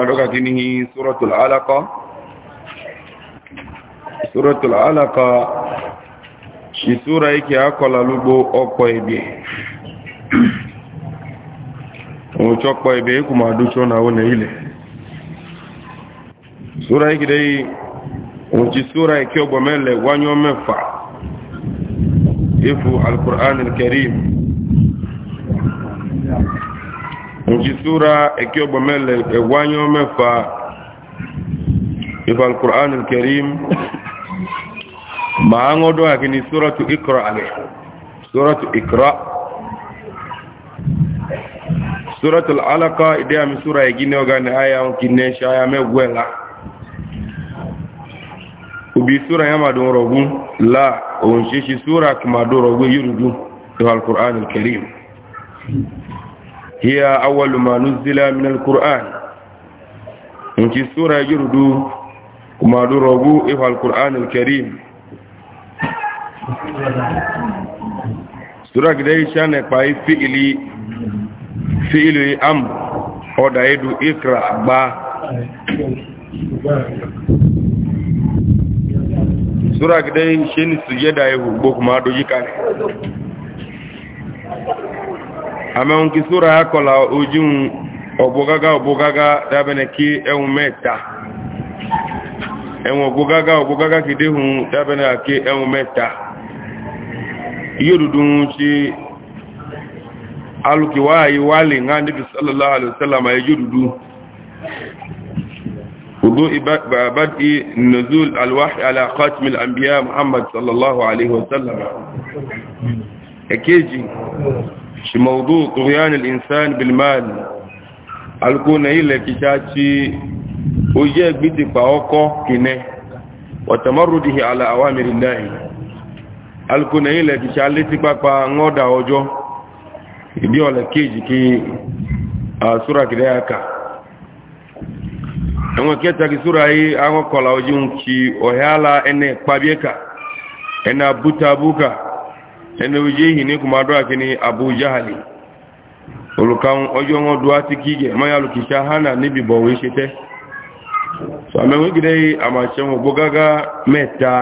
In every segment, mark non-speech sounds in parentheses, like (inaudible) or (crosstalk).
ọdọ́ka kí ní suratul alaqa suratul alaqa ìsúra ike akọla lugbo ọpọ̀ ẹ̀bẹ̀ òchọ́pọ̀ ẹ̀bẹ̀ ikú ma dúchọ́ na ó nílẹ̀ súra ike dẹ́ òchí súra ike ọgbọ̀mẹ́lẹ̀ wányọ́ mẹ́fà ifu alkùránil karim oji sura eki ogbo mele ewanyo mefa ifa alquran alkarim ma ngodo akini suratu ikra ale suratu ikra suratu alalaqa idea mi sura egine ogane aya onkinesha aya megwela ubi sura yama don rogun la onshi sura kuma do rogun yurudu ifa alquran alkarim هي أول ما نزل من القرآن انتي سورة يردو كما دربو إفا القرآن الكريم سورة كده شان باي فئلي فئلي أم أودا يدو إقرأ با سورة كده شين سجدة يهو بوك ما دو يكاري àmẹ́hun kí sóra akọ̀lá ojú ọ̀bọ̀gágá ọ̀bọ̀gágá dábẹ́nẹ̀ kí ẹun mẹ́ta ẹun ọ̀bọ̀gágá ọ̀bọ̀gágá kì déhun dábẹ́nẹ̀ kí ẹun mẹ́ta yóò dúdú ṣe alùkìwá àyíwá lè ń hàn níbi sálàlá àlùsálàmà nuzul alwahi ala khatimil anbiya muhammad sallallahu alaihi wasallam èkejì shi maudu turiyanin insan bilmal alkuna ilẹ̀ kìíṣà tí ó yẹ́ gbídìpá ọkọ́ kìíní wàtàmọ́rùdìhì àlà àwámìrìn láì alkuna ilẹ̀ kìíṣà létí pápá ńọ́dà ọjọ́ ìbí ọ̀lẹ̀ kéjì kí àṣúra kìíní aka ẹ̀wọ̀n kẹta kí súra yìí àwọn kọlà ojú ń kí ọ̀hẹ́ àlà ẹnẹ́ pàbíẹ́kà ẹnà bútabúkà ẹni ojú èyí ní kùmà dọ́ àkíní àbújáhàlì olùkàun ọjọ́ wọn dúwá tí kí gẹ̀ mọ́yà lùkìṣà hánà níbi bọ̀wé ṣe tẹ́ sàmẹ́wé gidẹ́ àmàṣẹ́wọ̀n gbógágá mẹ́ta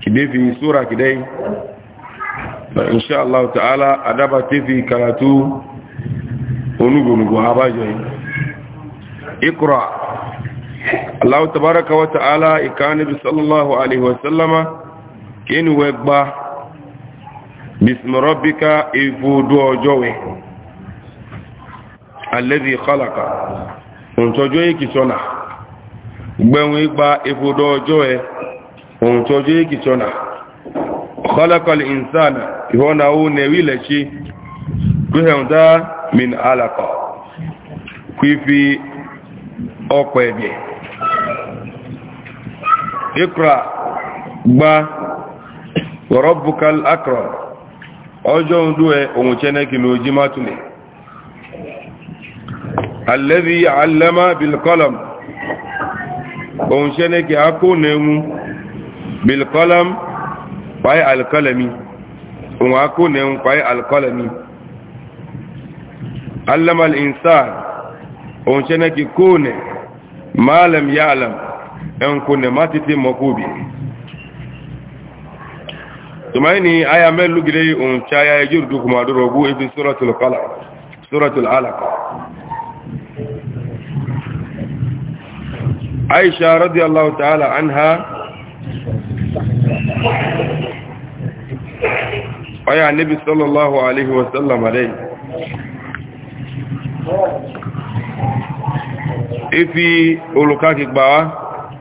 kìdé fi súra kìdẹ́ inṣáàláwò tààlà adába tí fi karatu onúgbòmùgbò abájọ yìí ikra aláwò tàbárakà wata ala ìkànnì sallallahu alaihi wasallama kí ni wẹ́ gbá bismirobika ifudu ojowe alẹ́dì kọlọ̀kọ̀ òǹtọ́jọ́ ìkìtọ́nà gbẹ̀wọ̀n ipa ifudu ọjọ́ ẹ òǹtọ́jọ́ ìkìtọ́nà insana ìsànà ìhọ́nà ó nẹ̀wí lẹ́ṣí gbẹ̀hẹ̀ndá min alakọ̀ kwifi ọkọ̀ ẹ̀bẹ̀ ikra gba wọ̀rọ̀bùkal akọ̀rọ̀ ọjọ́ ń dú ẹ ohun chẹ́nẹ́kì ló jí má túnlẹ̀ alẹ́bí alẹ́má bilkọlam ohun chẹ́nẹ́kì akónẹ̀mú bilkọlam páyé alkọlẹ̀mí ohun akónẹ̀mú páyé alkọlẹ̀mí alẹ́má alìnsá ohun chẹ́nẹ́kì kónẹ̀ máàlẹ̀m yáàlẹ̀m ẹnkónẹ̀ má títí mọ́kóbi tumaini aya melu gidai un chaya ya jirdu kuma da rogu ibn suratul qalaq suratul alaq aisha radiyallahu ta'ala anha aya nabi sallallahu alaihi wa sallam alai ifi ulukaki gbawa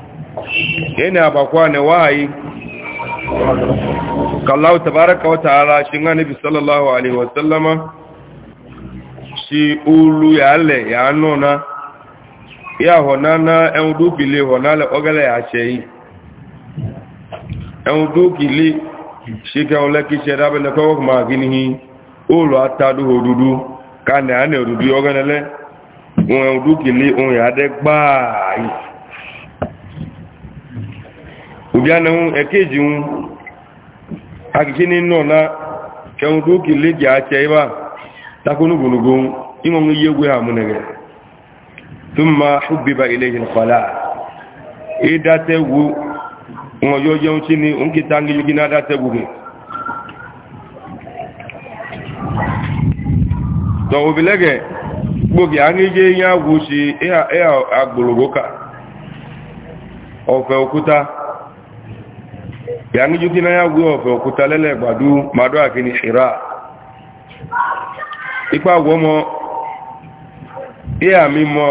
yana abakwa ne wahayi kallahu tabaraka wa ta'ala shi annabi sallallahu alaihi wa sallama shi ulu ya le ya nona ya honana en du bile honale ogale ya cheyi en du kili shi ga ole ki she rabe na ko ma ginihi ulu atadu hodudu kana ya ne odudu oganele un en kili un ya de gba yi ubiana un ekeji un akìkí nínú ọ̀nà kẹun tó kì lè jẹ́ àti ẹ̀yẹ́ bá takónú gbogbo ìwọ̀n yíyẹ́gbé àmúnẹ̀gẹ̀ tó máa ṣùgbébà ilé ìjìnlẹ̀kọ́lá ìdátẹ́wò wọn yóò jẹun tí ni òun kìta ní ya yàní jókí náà gbé ọ̀fẹ́ òkúta lẹ́lẹ̀ gbàdú madó àkí ṣìrá ipa wọ́mọ́ ìyà mímọ̀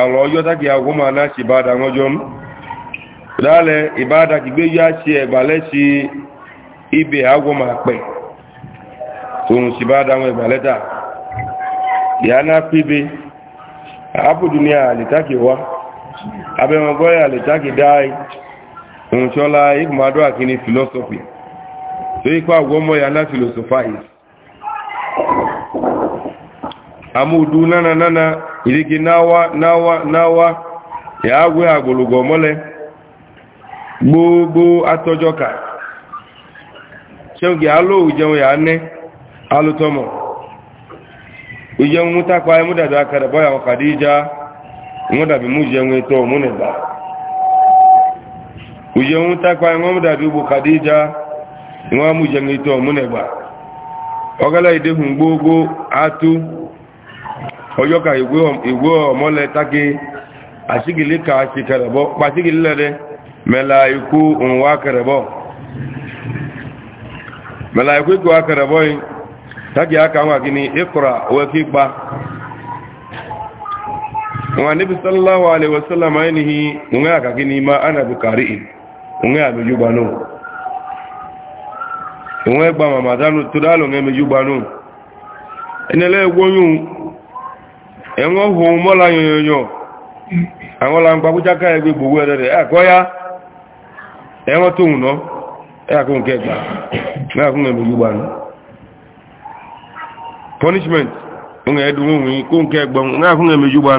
àwọn ọjọ́ tàbí àwọ́mọ́ aláṣì ìbádà ọjọ́ mú lálẹ́ ìbádà kìgbé yá ṣe ẹ̀gbàlẹ́ ṣe ibẹ̀ àwọ́mọ́ àpẹ̀ tòun sì bádà àwọn ẹ̀gbàlẹ́ta yàná píbe àbùdù ní àlètákì wá abẹ́wọn gọ́yà àlètákì dáa òǹṣọ́lá igmado akini philosophy tó yípa àgbọ́mọ̀ ya ná philosophize amúdú nánà nánà ìrígi náwá náwá náwá ya agwẹ́ àgbòlùgọ̀ mọ́lẹ̀ gbogbo atọ́jọ́ka ṣẹ́gbẹ̀ alóòwò jẹun ya ní alótọ́mọ̀ ìjẹun mú tápa ẹmúdàdà akàdàbọ́ ya ọkàdíjá mú dàbí mú jẹun ẹ̀tọ́ ujenwu takwa nwa mdadi ugbo kadija nwa mujen ito omunegba ogala idehu gbogbo atu oyoka igwe omole atụ asigili ka asi kerebo pasigili lede mela iku nwa kerebo mela iku iku akerebo yi taki aka nwa gini ikura weki gba nwa nabi sallallahu alaihi wasallam ainihi onwe ya meju gbanu onwe eh, eh, gba mamadanu to dalo onwe meju gbanu enele egwonyu enwe ohu mola yonyonyo àwọn la ngba gbogbo ere e ya nke gba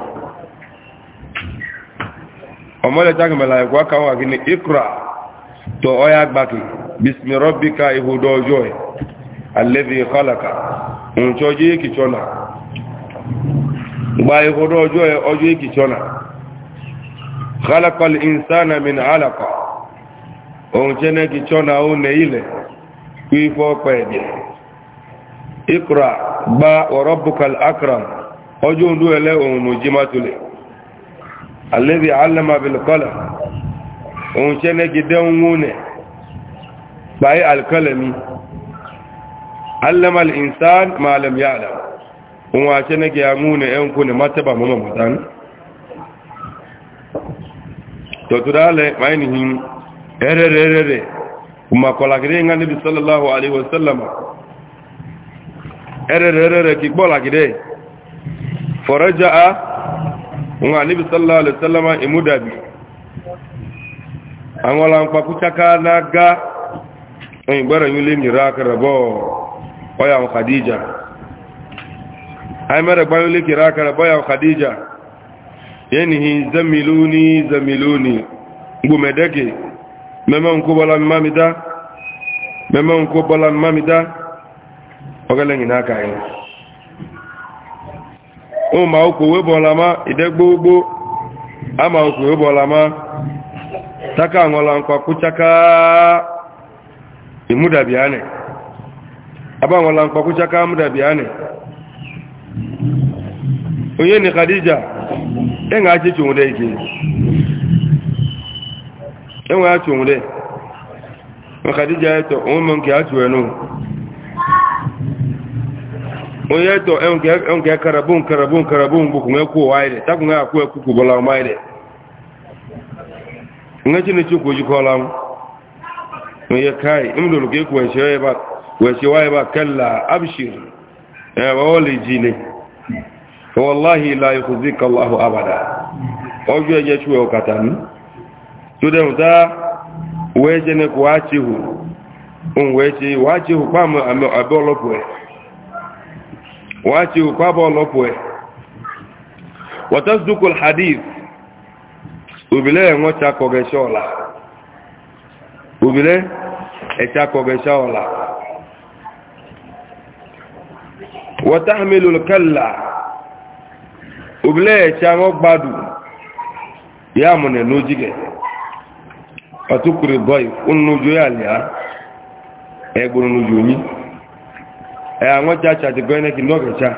ọmọdé jákè mẹ́la ẹ̀kọ́ akáwọn àkíní ikra tó ọya gbáki bismi rọ́bíkà ihudo ọjọ́ ẹ̀ alẹ́bí kọlaka ǹtí ọjọ́ èkì tsọ́nà gba ihudo ọjọ́ ẹ̀ ọjọ́ èkì tsọ́nà kọlakọl insana min alaka ǹtí ẹnẹ́kì tsọ́nà ó nẹ ilẹ̀ kú ifọ́ pẹ̀ẹ̀dẹ̀ ikra gba ọ̀rọ̀bùkàl akram ọjọ́ òǹdó ẹlẹ́ òun nù jimatulẹ̀ alladhi allama bil qalam on chene gidan ngune bai alkalami allama al insan ma lam ya'lam on wa chene ga ngune en kune mataba mama mutan to tudale mainihin erererere kuma kolagire nga nabi sallallahu alaihi wasallam erererere ki bolagire faraja'a nga nabi sallallahu alaihi wasallam imudabi an wala pa kuchaka na ga en bara yule mi raka rabo oya wa khadija ay mara bayo le ki raka rabo ya khadija yani zamiluni zamiluni gumedeke mema ko bala mamida mema ko bala mamida ogalengi naka yin o ma o wee ma ìdẹ́gbógbó a ma o kowe bọla ma taka àwọla nkwa ìmúdàbí ánì abáwọla nkwa ánì onye ni khadija ẹ̀nà á chẹ́chẹ́ òun ẹ̀nà á chẹ́ òun ẹ̀tọ̀ nke onye to nke karabun karabun karabun bụ kunwe kwuo waile takwu akwụ ekwukwu bọla maile nga chineke kwu jikọla m onye kai im lolo ka ekwu wẹ̀ṣẹ̀ wáyé bá kẹ́lá abṣir ẹ̀wọ̀ ó lè jí lè wọ́láhì láyé kò sí kọláhù abàdà ọjọ́ ẹjẹ́ ṣúwẹ́ ọkàtà ní tó dẹ̀rùn wace kwa bọ́ọ̀lọ́ pẹ̀ wàtàsdùkùl hadith òbílẹ̀ ẹ̀wọ́n chakọ̀gẹ̀ṣẹ́ ọ̀la òbílẹ̀ ẹ̀chakọ̀gẹ̀ṣẹ́ ọ̀la wàtàmìlùl kalla òbílẹ̀ ẹ̀chàwọ́ gbádù ya mọ̀nà lójígẹ̀ pàtùkùrì bọ́ì Eh, àwọn chacha ti gbọ́ ẹnẹ́kì lọ́gẹ̀ẹ́cha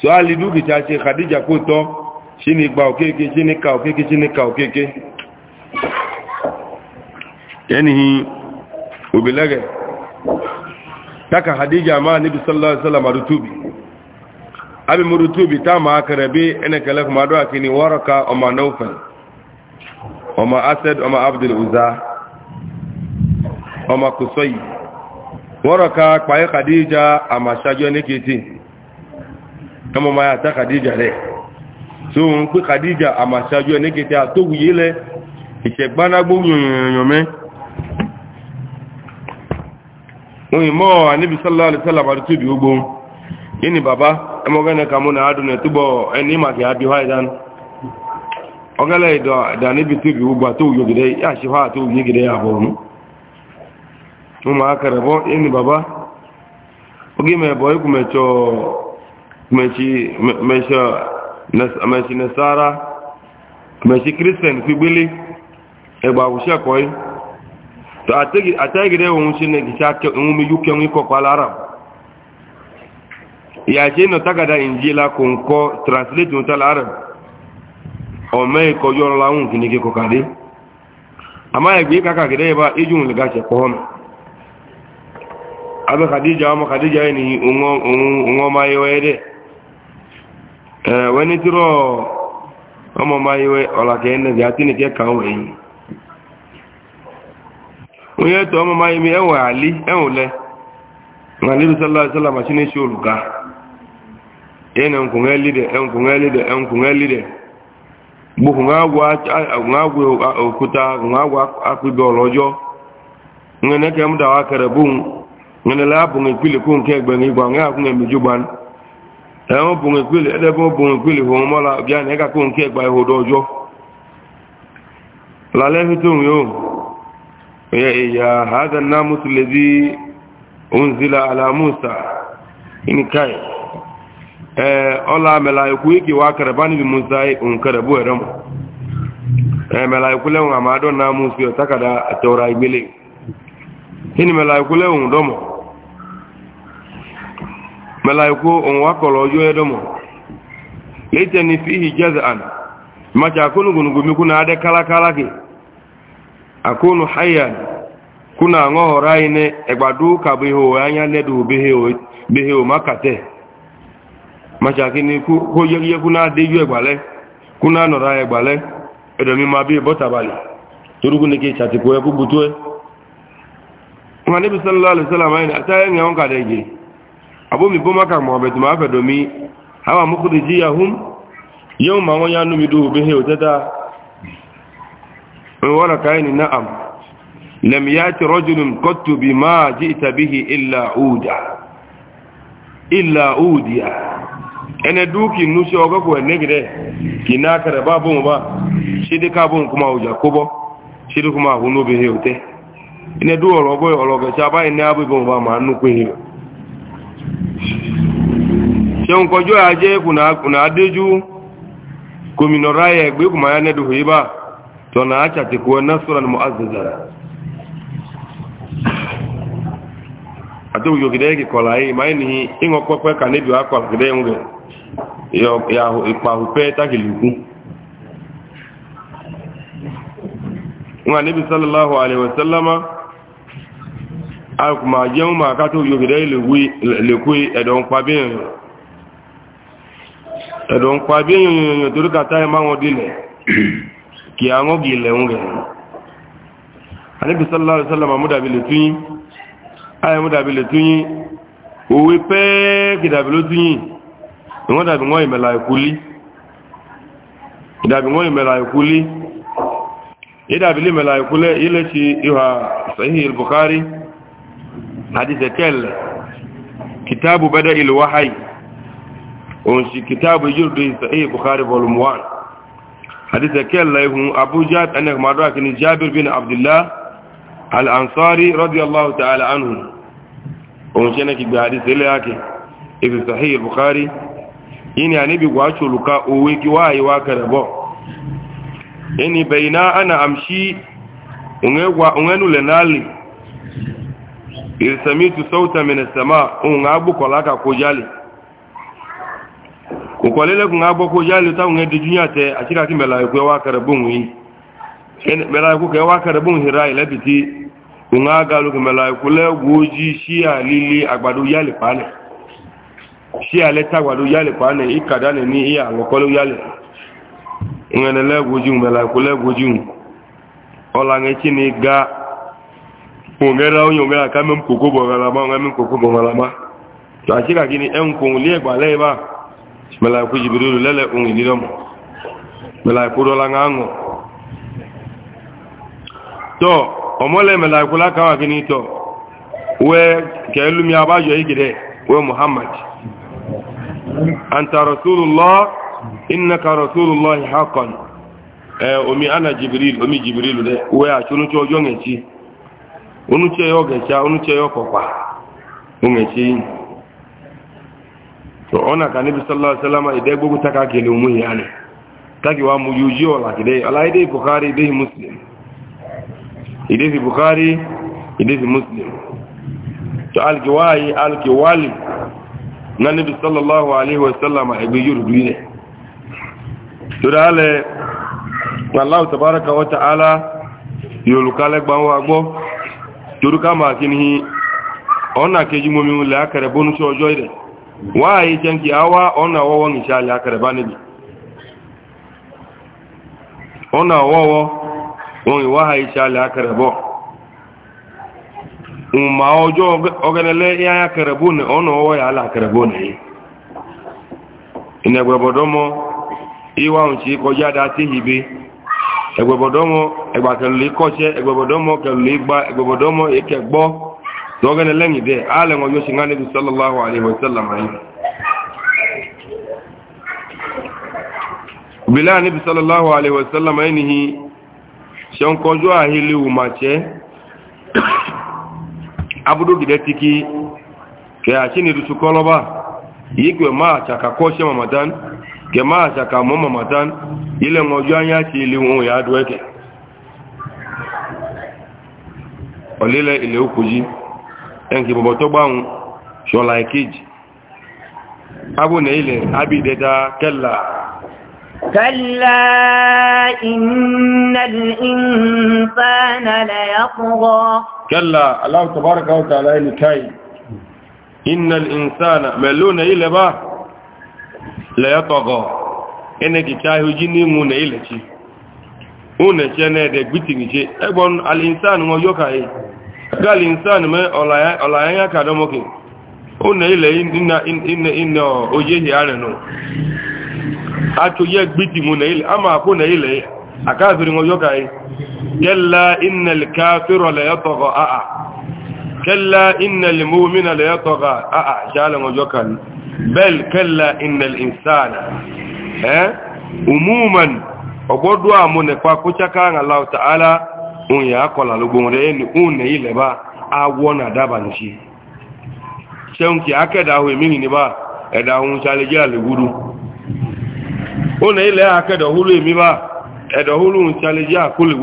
so a lè dúkìá ṣe kàdíjà kó tọ́ ṣí ni gba òkèèké ṣí ni ka òkèèké ṣí ni ka òkèèké yẹnihi òbílẹ́gẹ̀ taka kàdíjà máa níbi sallọ́sallà Marutubi. tóbi abi madu tóbi tá máa kẹrẹ bí ẹnẹ́kẹlẹ́ kò máa dọ́ ased ọmọ abdul uzza ọmọ kùsọ́yìí waraka kpaye khadija amashajo nikiti kama ma ta khadija le so n pe khadija amashajo nikiti atowuye le ìṣẹ̀gbánágbó yìnyìnyìn mi oyin mọ́ àníbi sallallahu na wasallam àti tóbi ogbó yìí ni bàbá ẹmọ́gẹ́nẹ́ kàmú náà adùn ẹ̀túbọ̀ ọgẹ́lẹ̀ ìdọ̀ yà ṣe ụmụ aka rabo eni baba oge mebo iku mecho mechi mecho mechi nasara mechi kristian figbili egba wusi akoi to ategi ategi de won si ne gisa ke won mi yuke won ko kwala arab ya je no tagada injila ko nko translate won tala arab o me ko yoro lawun kini ke ko kade ama egbe kaka gede ba ijun le gase ko hono abe khadija ama khadija ni ungo ungo mayo ede eh wani tiro omo mayo ola kende ya tini ke kan we yi oye to omo mayo mi ewa ali enule ngani bi sallallahu alaihi wasallam shine shuluka ene nku ngeli de enku ngeli de enku ngeli de bu ngagwa ngagwa okuta ngagwa akudo lojo ngene ke da wa karabun ngene la bunge kwili kun ke gbe ngi gwa nga kunge miju ban e o bunge kwili ede bo bunge kwili ho mo la bia ne ka kun ke gba e ho dojo la le hitun yo e, e, ya ya hada namus ladhi unzila ala musa in kai eh ola melaiku iki wa karabani bi musa un karabu eram eh melaiku le wa ma do namus yo takada tawra ibele hini mɛlaiku lɛ ohun dɔmɔ mɛlaiku ohun akɔlɔ ɔjɔ yɛ dɔmɔ leitɛni fihi jɛzɛ an matsa akonu gunugunmi kuna adɛ kuna aŋɔhɔra yi nɛ ɛgbadu kabeho anya nɛ do beheho beheho makatɛ matsa kini ko kuna kuna ma bi kuma nabi sallallahu alaihi wasallam ayin atayen yawon ka da yake abu mi bo maka mo be tuma fa domi hawa mukhrijiyahum yawma wa yanu mi do be hew tata wala kayin na'am lam yati rajulun qattu bima ji'ta bihi illa uda illa udiya ene duki nushi oga ko ne gide kinaka da babu ba shidika bun kuma uja kubo shidika kuma hunu be hew tata ine ya. ọlọgbọ ọlọgẹsẹ abáyé ní abúgbò bá máa nú pé ṣeun kọjọ́ ajé kùnà adéjú kòmìnà ráyẹ gbé kùmà yá nẹ́dù hìí bá tọ̀nà ya ẹ̀ násùrà ní mọ́ázẹ̀zára àtòkùjò kìdẹ́ na kọ̀lá yìí máa ní ìwọ̀n pẹ́pẹ́ kà níbi ya kọ̀lá kìdẹ́ ń rẹ̀ sallallahu alaihi wasallama akùnmà jẹun ma ká tó yóò fìdẹ́ lèkú ẹ̀dọ̀n pàbí èèyàn torí kàtà ẹmà wọn dínlẹ̀ kí àwọn gì lẹ̀un rẹ̀ anìbìsọ́lá sọ́lọ́mà múdàbí le túnyí ayẹ múdàbí lè túnyí òwe pẹ́ẹ́kì dàbí ló túnyí ìwọ́n dàbí wọ́n ìmẹ̀lá ìkúlí ìdàbí wọ́n ìmẹ̀lá ìkúlí ìdàbí lè mẹ̀lá ìkúlẹ̀ ilẹ̀ ti ìhà sahih al-bukhari hadith ekel kitabu bada il wahai on si kitabu yurdu sahih bukhari volume 1 hadith ekel lahu abu jad anak madrak ni jabir bin abdullah al ansari radiyallahu ta'ala anhu on si anak bi hadith ile yake ibi sahih bukhari yini anibi wa chuluka uwe ki wahai wa karabo yani baina ana amshi unge wa ungenule nali samitu sauta min as-sama unga bu kolaka ko jali ko kolele ko ngabo ko jali ta unga de dunya te hirai labiti unga galu ko mela ko shia lili agbadu yali pale shia le ta agbadu yali pale ikada ne ni iya ngo kolu yali unga ola ngechi ni ongera onye ongera aka mem koko bongalama onga mem koko bongalama to achika gini en kun lie gba le ba mala ku jibril lele ungi ni dom mala ku do langango to omole mala ku la ka gini to we kelu mi abajo igide we muhammad anta rasulullah innaka rasulullah haqqan eh omi ana jibril omi jibril de we achunu to jonge ti onuche ya ọ ga-eche onuche ya ọkọkwa onwechi to ọ na ka nabi sallallahu alaihi wasallam ide gbogbo taka kele umu ya ne taki wa mu yuji ola kide ala ide bukhari ide muslim ide fi bukhari ide fi muslim to alkiwai alkiwali na nabi sallallahu alaihi wasallam egbe yurudu ile to dale Allah tabaraka wa ta'ala yolukale gbanwa gbo toruka ma kini ona keji mo mi wule akare bonu cho ojo ire wa awa ona wowo ni sha le akare ba nibi ona wowo on wa yi sha le akare bo umma ojo ogenele ya akare bo ne ona wowo ya ala akare bo ne ine gbebodomo iwa unchi koja da ti hibe egbebodomo egbakelule ikọche egbebodomo kelule igba egbebodomo ikegbo dogene lenyi de ale ngo yoshi ngane bi sallallahu alaihi wasallam ayi bila ni alaihi wasallam ayi ni shon kojo umache (coughs) abudu gidetiki ke achini dusukoloba yigwe ma chakakoshe mamadan kema asaka mama matan ile ngojo anya ti ile won ya duweke olile ile okuji enki bobo to gbaun so like it abu ne ile abide da kella كلا إن الإنسان ليطغى كلا الله تبارك وتعالى لكي إن الإنسان ملون إلى باه leyọtọgọ enekicha oji n'inwu na ilechi uneche na ede gbitigiche egbon alinsan nwoyoka yi e. ga alinsan me ọlayanya ka domoke une ile ina oyehi ya atoye gbitimu na ama e. na bel kalla innal insana eh umuman ogodu amune kwa kuchaka Allah ta'ala unya ya lugunre ni une ile ba awona daba nchi seunki akeda ho emini ni ba eda hun je ile akeda hulu emi ba eda hulu chale je akule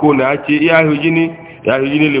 ko na ya ya le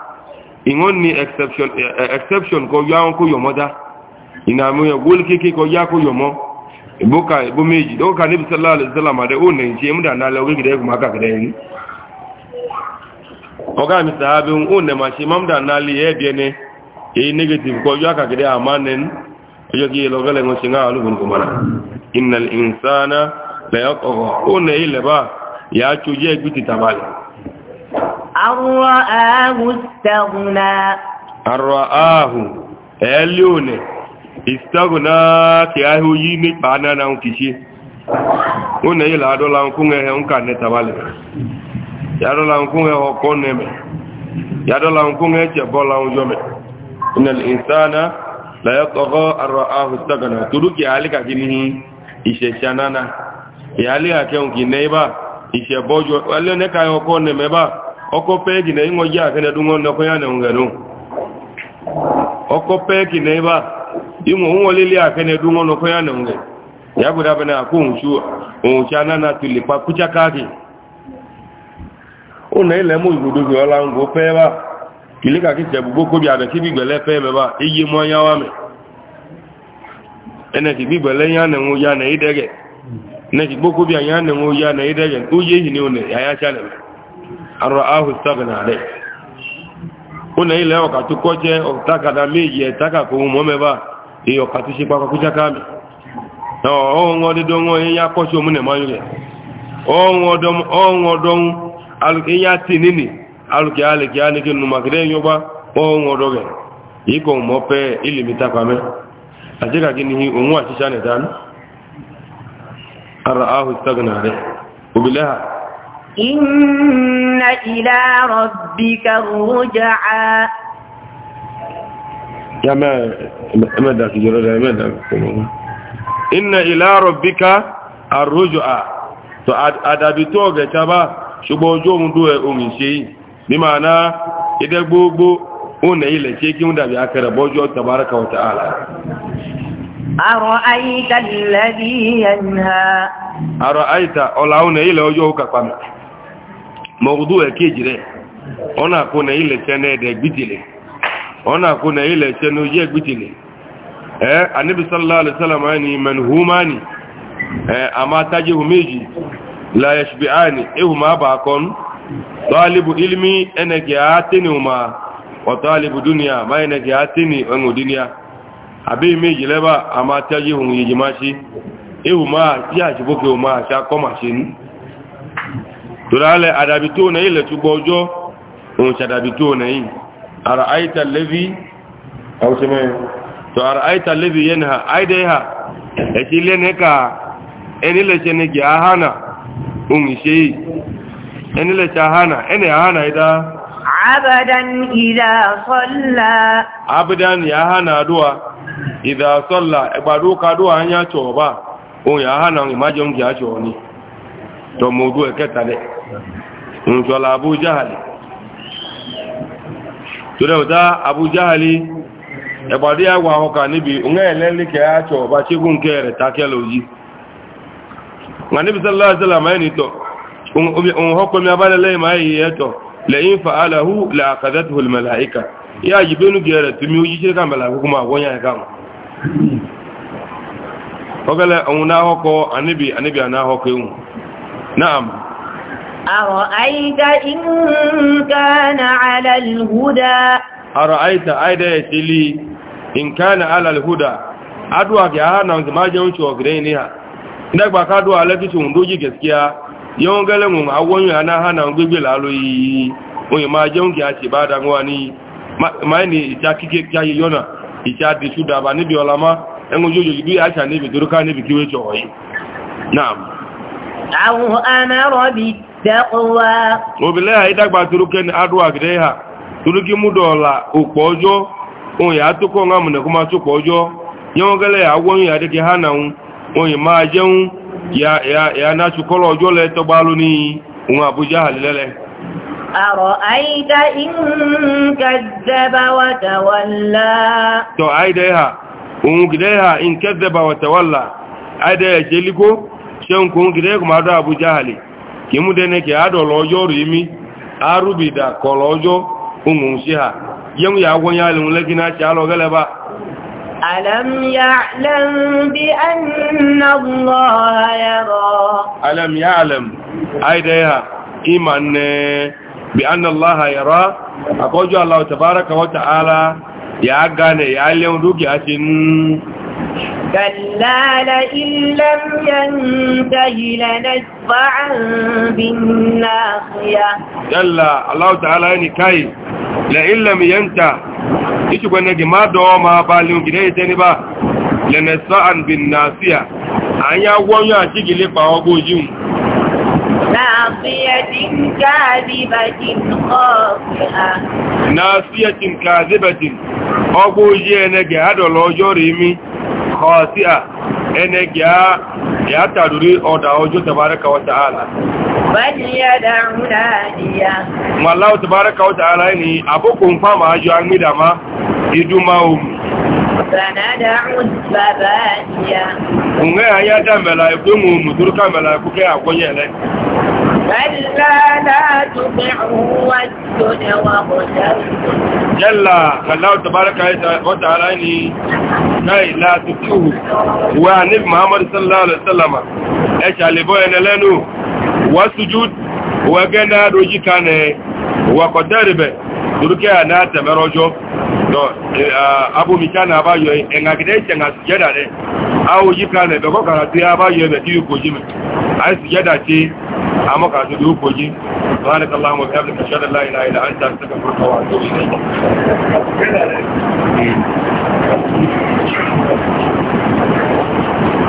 ìwọ́n ni exception eh, exception kọ yọ àwọn kó yọmọ dá ìnà àmúyẹ góòlù kéèké kọ yá kó yọmọ ìbókà ìbó méjì dókà níbi sọlá àlẹsọlá màdé ó nà ìṣe múdà náà lọ gẹ́gẹ́dẹ́ ẹkùn máka gẹ́gẹ́ ọgá mi sàábẹ̀ ó nà mà ṣe mámúdà náà lè ẹ́ bí ẹni èyí negative kọ yọ àkàgẹ́dẹ́ àmà nẹni ọjọ́ kí lọ́gẹ́lẹ́ wọn ṣe ń àwọn olùkùn kọmọdà ìnà ìnsánà lẹ́yọkọ̀ arọ́áhù staguna. arọ́áhù ẹ̀ẹ́lẹ́ òní ìstaguna kí a hù yí nípa náà ń kìí ṣe ó nẹ̀ yìí làádọ́la ń kún ẹ̀hẹ́ ń kà nẹ́ta balẹ̀ yàdọ́la ń kún ẹ̀hẹ́ ọkọ́ nẹ́mẹ̀ yàdọ́la ń kún ẹ̀ẹ́ bọ́la ń yọmẹ̀ ìnàlẹ̀ ìsáná làyẹ́kọ̀ọ́ arọ́áhù staguna torúkì àálẹ́ ìṣẹ̀bọ́jọ́ alẹ́ ọkọ́ nẹ́mẹ́ ọkọ pẹ́ẹ̀kì na ịnwọ jẹ́ àkẹ́nẹ̀dúnwọ́ nnọkọ ya na ǹgẹ̀nú ọkọ pẹ́ẹ̀kì na ịba ịnwọ nwọlele àkẹ́nẹ̀dúnwọ́ nnọkọ ya na ǹgẹ̀ ya gbọ́dá bẹ̀rẹ̀ àkó òhùnṣẹ́ anáná tulè na ilẹ̀ mú ìgbòdo fi ọlá ńgò pẹ́ bá kìlí kàkí tẹ̀ ya ya ya ya arọ ahụ stagna alai una ile ọkàtú kọjẹ ọ̀tàkàdá méjì ẹ̀tàkàkọ ohun mọ́mẹ́bà èyí ọkàtú ṣe pápákújáká mi ọ̀hún ọdọdọ wọn èyí akọ́ṣẹ́ omúnẹ̀ máa ń rẹ̀ ọ̀hún ọdọun èyí àti nínì alùkẹ́ alẹ́kẹ́ anìkẹ́ nù màkìdẹ́ yọba ọ̀hún ọdọ rẹ̀ èyí kọ̀ mọ́ pẹ́ ilẹ̀ mi ara إن إلى ربك الرجعى يا ما ما داك جرى ما داك إن إلى ربك الرجعى تو أدابي توغة تبا شبو جوم دوه أمي شيء بمعنى إذا gbogbo ona ile ce ki munda bi akara bojo tabaraka wa ta'ala ara'aita alladhi yanha ara'aita ola ona ile ojo ka pamata mọ̀gúdú ẹ̀kejì rẹ̀ ọ̀nà àkónà ilẹ̀ tẹ́nà ẹ̀dẹ̀ gbìtìlẹ̀ ọ̀nà àkónà ilẹ̀ tẹ́nà ojú ẹ̀gbìtìlẹ̀ ẹ́ aníbisallá alẹ́sálàmà ni mẹ́nuhumani ẹ́ e, àmà tájéhu méjì láyẹ̀ṣùgbé àní ehùmá bàkọ́n tọ́alíbù ilmi ẹnẹ̀kẹ̀ àátẹ́ni ọmọ ọ̀tọ́alíbù dúnìyà má ẹnẹ̀kẹ̀ àátẹ́ni ọ̀nà dúnìyà àbí méjì lẹ́bà àmà tájéhu yìí turale adabito na ile tubojo un chadabito na yi ara'aita allazi aw sema to ara'aita allazi yanha aidaiha eti lene ka eni le chene gi ahana un ishi eni le chahana eni ahana ida abadan idha salla abadan ya hana dua idha salla ibadu ka dua anya choba un ya hana imajon gi acho ni tọmọ ojú ẹ̀kẹta dẹ̀ ǹṣọ́lá abújáhàlì tó dẹ̀mọ̀tá abújáhàlì ẹ̀pàdé àwọ̀ àhọ́kà níbi ǹgá ẹ̀lẹ́lẹ́kẹ̀ àṣọ ọba ṣégún kẹ́ a takẹ́lẹ̀ òyí nga níbi sálàlá mẹ́ni tọ̀ òhọ́kọ̀mí abálẹ́lẹ́yìn máa yìí ẹ̀tọ̀ lẹ́yìn fa'alahu làkàdẹ́tù ọgẹ́lẹ̀ náà نعم أرأيت إن كان على الهدى أرأيت أيضا يسلي إن كان على الهدى أدوى كهانا وزماجة وشوى غرينها إنك بكادوى التي شمدوجي كسكيا yọ́n gẹ́lẹ̀ mọ̀ àwọn yóò hana hana gbégbé lálò yìí oyin máa jẹun kí a ṣe bá dágbọ́n ní máa ní ìta kíkẹ́ kíayé yọ́nà ìta dìṣúdàbà níbi ọlọ́mọ́ ẹgbẹ́ yóò yóò bí àṣà níbi toróká níbi kíwé jọ yìí أو أمر بالتقوى وبالله إذا باتروك أن أدوى كديها تلوكي مدولا أكبوجو oyin atukọ ọ̀nà àmùnẹ̀kọ́ máa ọjọ́ yẹ́wọ́n gẹ́lẹ̀ àwọ́yìn àdíkẹ́ hánà ń máa ya ọjọ́ ohun àbújá àlẹ́lẹ́ Àrọ̀ àìdá chenku ngide ku madu abu jahali kimudene ke adolo ojo rimi arubida kolo ojo ungun siha yemu ya wonya le mule kina chalo galeba alam ya'lam bi anna allaha yara alam ya'lam كلا لئن لم ينته لنسفعا بالناصية كلا الله تعالى نكاي لئن لم ينته ishi gwanne gi ma dọọ ma ba leon gide ite ni ba lene sa'an bin nasiya an ya wọnyọ a jigi le pa ọgbọ ojin nasiyatin kazibatin kọfia nasiyatin kazibatin ọgbọ ojin ẹnẹgẹ adọlọ ọjọ́ rẹ̀ mi خاسئة انك يا يا تدري او دعوه تبارك وتعالى بل يدعو نادية ما الله تبارك وتعالى اني ابوكم فما اجو عمي دما يدومهم سندع الزبانية ونغي هيا دم ملايكو مدركة ملايكو كي اقوني لك كلا لا تطعه واسجد واقترب jẹ́là aláwọ̀ tàbárakà wata ara ni káì láti kíhù wà ní muhammadu sallallahu alaihi wasallama ẹ ṣàlẹ̀bọ́ ẹni lẹ́nu wà sujúd wà gẹ́nà rojí kanẹ̀ wà kọ̀tẹ́rìbẹ̀ turkiya náà tẹ̀mẹ́rọjọ́ abúmíkà náà bá yọ ẹ̀ngàgidẹ́ ìṣẹ̀ngà sujẹ́dà rẹ̀ a ó yí kanẹ̀ bẹ̀kọ́ kàrà tí a bá yọ ẹ̀bẹ̀ tí yóò kò jí mẹ́ عمق عدد وفوجي سبحانك اللهم وبحمدك اشهد ان لا اله الا انت استغفرك واتوب اليك